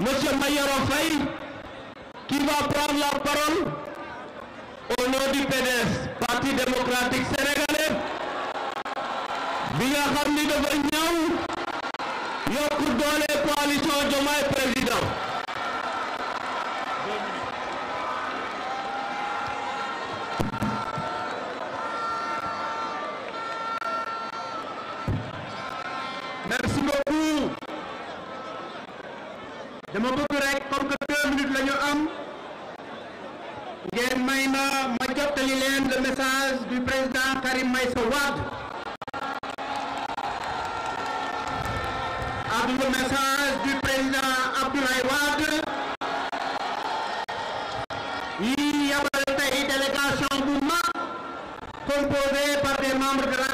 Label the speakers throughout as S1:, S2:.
S1: Monsieur Mayoro Faye, qui va la parole au nom Parti démocratique sénégalais, bi nga xam ni dafa ñëw yokk doole coalition Diomaye Président. dama bëgg rek comme que deux minutes la ñu am ngeen may ma ma jottali leen le message du président Karim Meïssa Wade ak le message du président délégation bu mag par des membres de la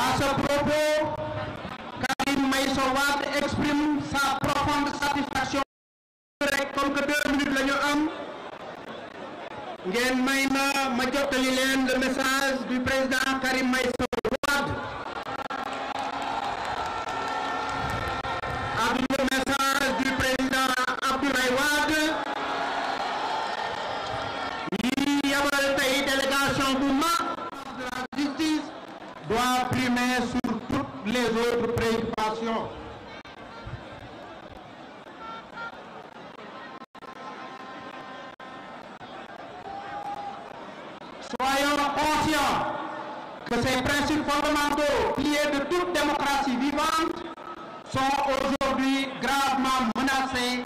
S1: À ce propos, Karim Meïssa exprime sa profonde satisfaction rek comme que deux minutes la am ngeen may ma ma jottali leen le message du président Karim Meïssa les autres préoccupations. Soyons conscients que ces principes fondamentaux, piliers de toute démocratie vivante, sont aujourd'hui gravement menacés.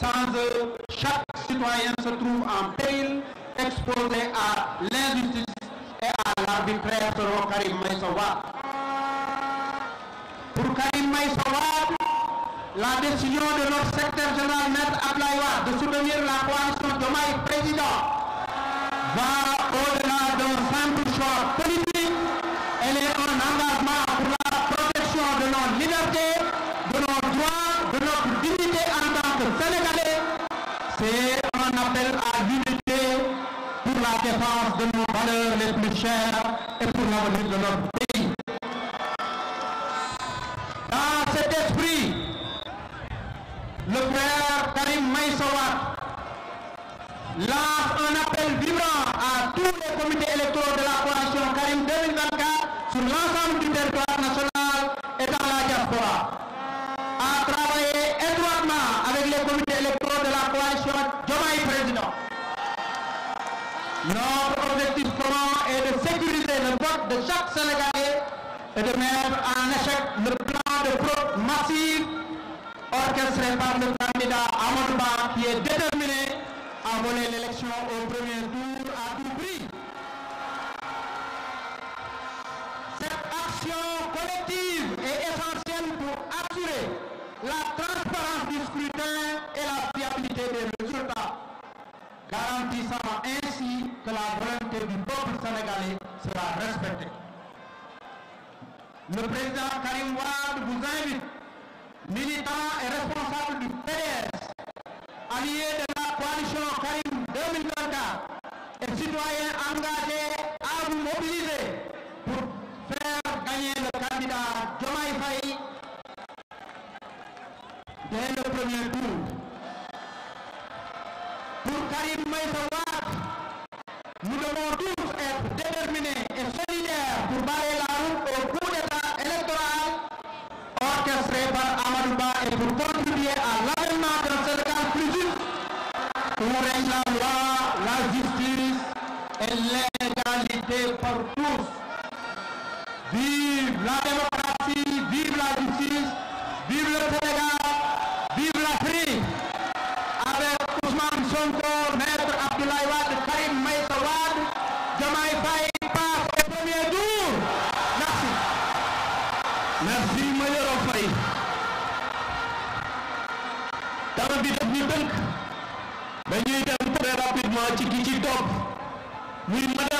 S1: Sans eux, chaque citoyen se trouve en péril, exposé à l'injustice et à l'arbitraire selon Karim Meïssa Wade. pour Karim May Sawar, la décision de notre secteur général Maître Ablaïwa de soutenir la coalition Diomaye Président le frère Karim Maïsawat lance un appel vibrant à tous les comités électoraux de la coalition Karim 2024 sur l'ensemble du territoire national et la diaspora. À travailler étroitement avec les comités électoraux de la coalition Diomaye Président. Notre objectif commun est de sécuriser le vote de chaque Sénégalais et de mettre en échec le plan de fraude massive orchestré par le candidat Amadou Ba déterminé à voler l'élection au premier tour à tout prix. Cette action collective est essentielle pour assurer la transparence du scrutin et la fiabilité des résultats, garantissant ainsi que la volonté du peuple sénégalais sera respectée. Le président Karim Wade vous militant et responsable du PDS, allié de la coalition Karim 2024 et citoyen engagé à vous pour faire gagner le candidat Diomaye Faye dès premier tour. Pour Karim Meïssa Wade, nous devons tous l'égalité pour tous. Vive la démocratie, vive la justice, vive le Sénégal, vive l'Afrique. Avec Ousmane Sonko, Maître Abdoulaye Wade, Karim Meïssa Wade, Diomaye Faye passe au premier tour. Merci. Merci Mayoro Faye. Temps bi daf ñu tënk dañuy dem très rapidement ci ki ci topp. muy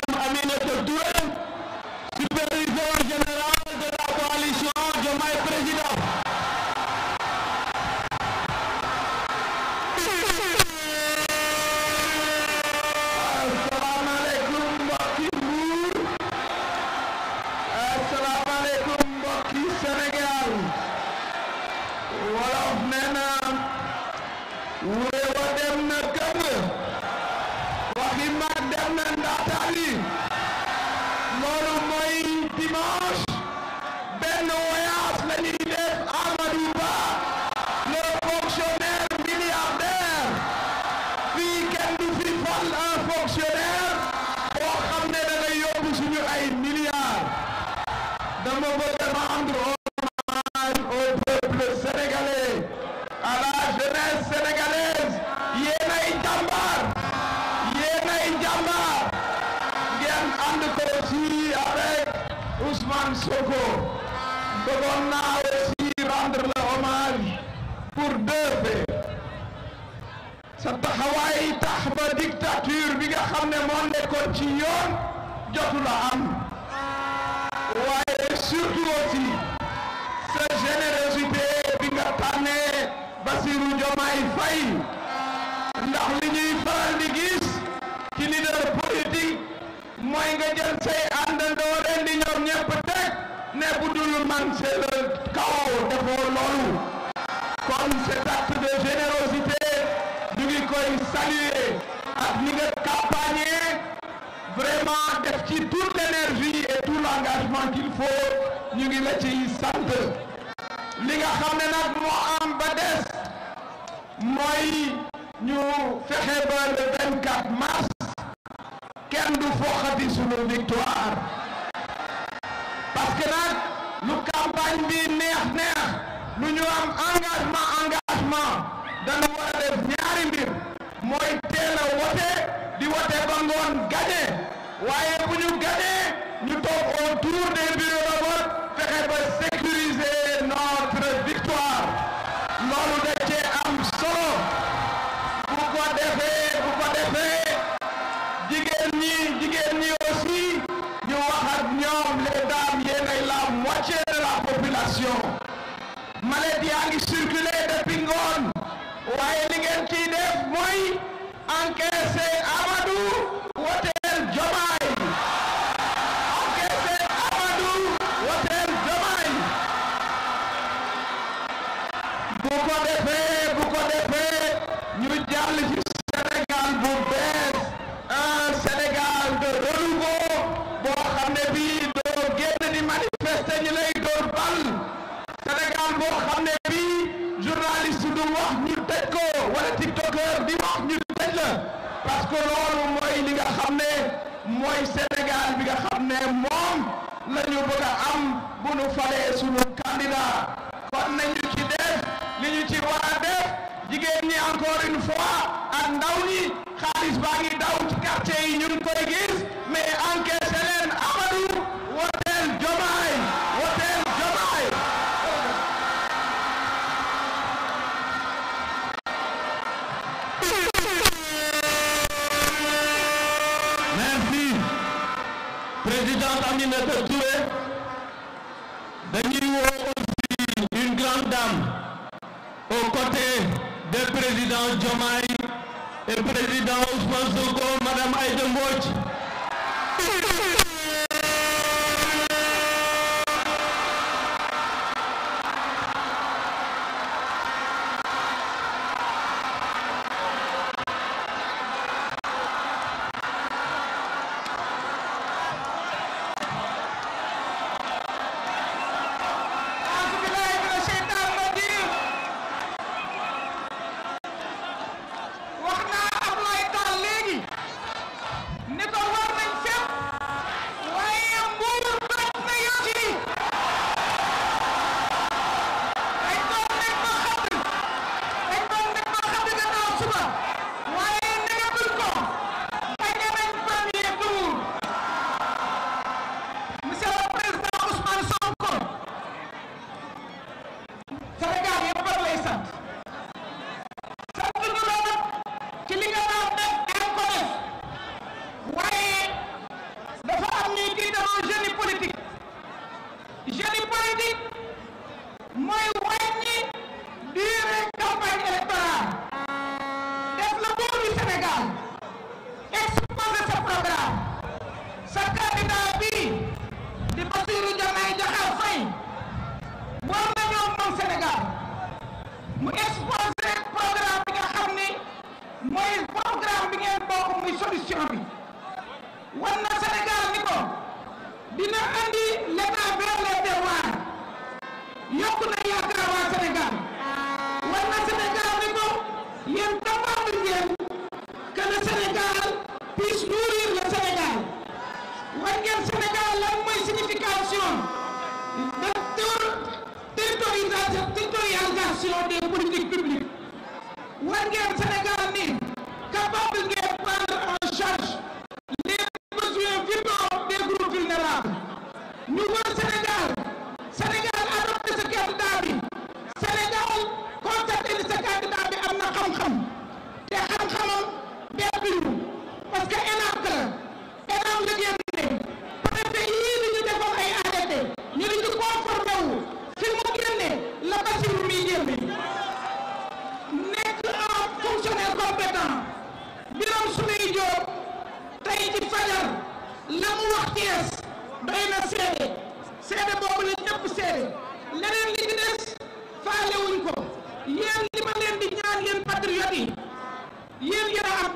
S1: on a aussi rendre le hommage pour deux faits sa taxawaay tax ba dictature bi nga xam ne moo ci yoon jotu la am waaye surtout sa générosité bi nga tànnee Bassirou Diomaye Faye ndax li ñuy faral di gis ci leader politique mooy nga jël say Ousmane Sélé Kao defoo loolu kon cet acte de générosité ñu ngi koy saluer ak ni nga campagne vraiment def ci toute l'énergie et tout l'engagement qu'il faut ñu ngi la ci sant li nga xam ne nag moo am ba mooy ñu fexe ba le mars kenn du foxati sunu victoire sëñ neex neex lu ñu am engagement engagement dañu war a def ñaari mbir mooy teel a di wote ba ngoon waaye bu ñu gañee ñu toog autour des boo xam ne bii journaliste du wax ñu tëj ko wala tiktokeur di wax ñu tëj la parce que loolu mooy li nga xam ne mooy Sénégal bi nga xam ne moom la ñu bëgg a am bu nu falee sunu candidat kon nañu ci def li ñu ci war a def jigéen ñi encore une fois ak ndaw ñi xaalis baa ngi daw ci quartier yi ñu ngi koy gis mais encaissé madame, aux côtés des et président Ousmane Sonko, madame Aïda génie politique mooy wàññi durée campagne électorale def le tour du Sénégal exposer sa programme sa candidat bi di Bassirou Diomaye Diakhar Faye war nañoo moom Sénégal mu programme bi mooy programme bi ngeen bokk muy solution bi dina andi l'état vers les terroirs yokk na yaakaar waa Sénégal war na Sénégal ni ko yéen capable ngeen que le Sénégal puisse nourrir le Sénégal war ngeen Sénégal lan mooy signification de territorialisation des politiques publiques war ngeen Sénégal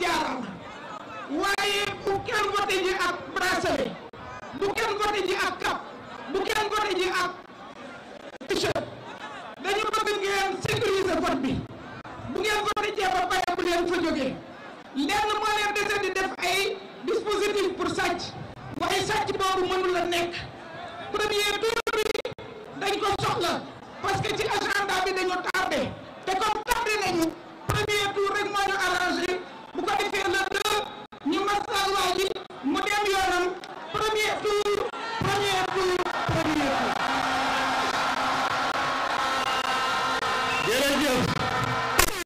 S1: jaarama waaye bu kenn voté ji ak bracelet bu kenn voté ji ak cap bu kenn voté ji ak t dañu bëgg ngeen sécuriser vote bi bu ngeen voté jee ba pare bu leen fa jógee lenn moo leen dese di def ay dispositif pour sàcc waaye sàcc boobu mënul nekk premier tour dañ ko soxla parce ci agenda bi dañu tardé te comme tardé nañu